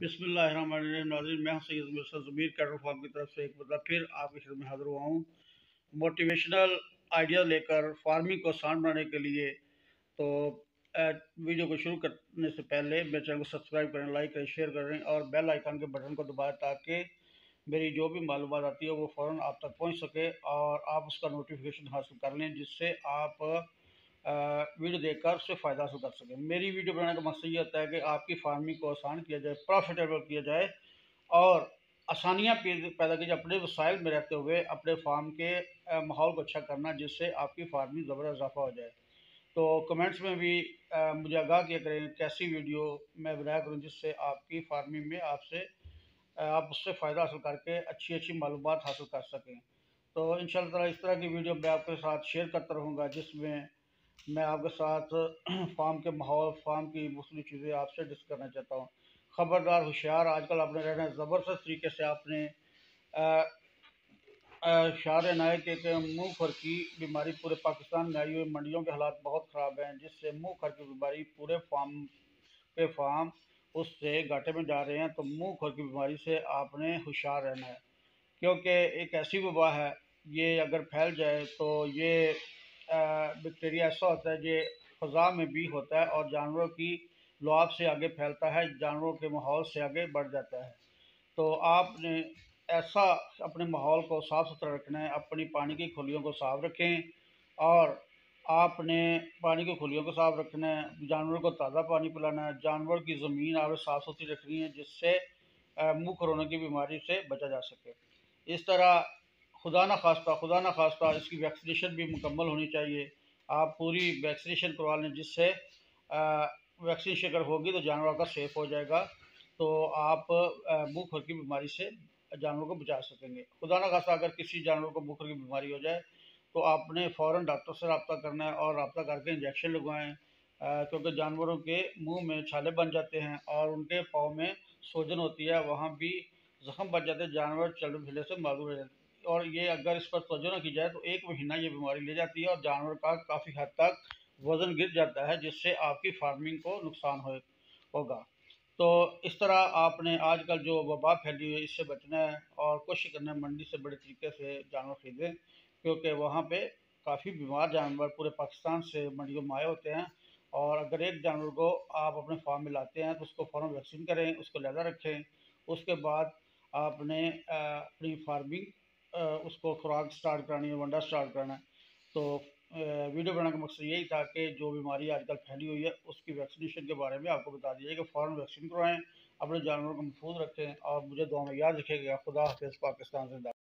बिसमीम नाजिन मैं सैद मिसल ज़मीर कैटल फार्म की तरफ से एक मतलब फिर आपकी खिदमत में हाजिर हुआ हूँ मोटिवेशनल आइडिया लेकर फार्मिंग को आसान बनाने के लिए तो वीडियो को शुरू करने से पहले मेरे चैनल को सब्सक्राइब करें लाइक करें शेयर करें और बेल आइकन के बटन को दबाएं ताकि मेरी जो भी मालूम आती है वो फ़ौर आप तक पहुँच सके और आप उसका नोटिफिकेशन हासिल कर लें जिससे आप वीडियो देखकर उससे फ़ायदा हासिल कर सकें मेरी वीडियो बनाने का मकसद ये होता है कि आपकी फार्मिंग को आसान किया जाए प्रॉफिटेबल किया जाए और आसानियाँ पैदा की जाए अपने वसाइल में रहते हुए अपने फार्म के माहौल को अच्छा करना जिससे आपकी फार्मिंग ज़बर इजाफा हो जाए तो कमेंट्स में भी आ, मुझे आगाह किया करें कैसी वीडियो मैं बनाया करूँ जिससे आपकी फार्मिंग में आपसे आप उससे फ़ायदा हासिल करके अच्छी अच्छी मालूम हासिल कर सकें तो इन इस तरह की वीडियो मैं आपके साथ शेयर करता रहूँगा जिसमें मैं आपके साथ फार्म के माहौल फार्म की दूसरी चीज़ें आपसे डिस्कस करना चाहता हूँ ख़बरदार होशियार आजकल आपने रहना है ज़बरदस्त तरीके से आपने शार नायक के मुँह खर की बीमारी पूरे पाकिस्तान में आई हुई मंडियों के हालात बहुत ख़राब हैं जिससे मुँह खर की बीमारी पूरे फार्म के फार्म उससे घाटे में जा रहे हैं तो मुँह खर की बीमारी से आपने होशियार रहना है क्योंकि एक ऐसी वबा है ये अगर फैल जाए तो ये बैक्टीरिया ऐसा होता है जो फ़ज़ा में भी होता है और जानवरों की लुआब से आगे फैलता है जानवरों के माहौल से आगे बढ़ जाता है तो आपने ऐसा अपने माहौल को साफ़ सुथरा रखना है अपनी पानी की खुलियों को साफ रखें और आपने पानी की खुलियों को साफ रखना है जानवरों को ताज़ा पानी पिलाना है जानवर की ज़मीन आप साफ़ सुथरी रखनी है जिससे मुँह कोरोना की बीमारी से बचा जा सके इस तरह खुदा न खास्ता खुदा ना खास्ता इसकी वैक्सीनेशन भी मुकम्मल होनी चाहिए आप पूरी वैक्सीनेशन करवा लें जिससे वैक्सीनेशन अगर होगी तो जानवर का सेफ हो जाएगा तो आप मुँह की बीमारी से जानवरों को बचा सकेंगे खुदा ना खास्ता अगर किसी जानवर को मुँह की बीमारी हो जाए तो आपने फ़ौर डॉक्टर से रबता करना है और रबता करके इंजेक्शन लगवाएँ क्योंकि जानवरों के मुंह में छाले बन जाते हैं और उनके पाँव में सोजन होती है वहाँ भी ज़ख्म बन जाते हैं जानवर चलने फिले से मालूम और ये अगर इस पर तोजो ना की जाए तो एक महीना ये बीमारी ले जाती है और जानवर का काफ़ी हद तक वज़न गिर जाता है जिससे आपकी फार्मिंग को नुकसान हो, होगा तो इस तरह आपने आजकल जो वबा फैली हुई है इससे बचना है और कोशिश करना है मंडी से बड़े तरीके से जानवर खरीदें क्योंकि वहाँ पे काफ़ी बीमार जानवर पूरे पाकिस्तान से मंडियों में आए होते हैं और अगर एक जानवर को आप अपने फार्म में लाते हैं तो उसको फ़ौरन वैक्सीन करें उसको लहदा रखें उसके बाद आपने अपनी फार्मिंग उसको खुराक स्टार्ट करानी है वंडा स्टार्ट कराना है तो वीडियो बनाने का मकसद यही था कि जो बीमारी आजकल फैली हुई है उसकी वैक्सीनेशन के बारे में आपको बता दीजिए कि फ़ौर वैक्सीन करवाएँ अपने जानवरों को महफूज रखें और मुझे दोनों में याद रखेगा खुदा हाफ पाकिस्तान से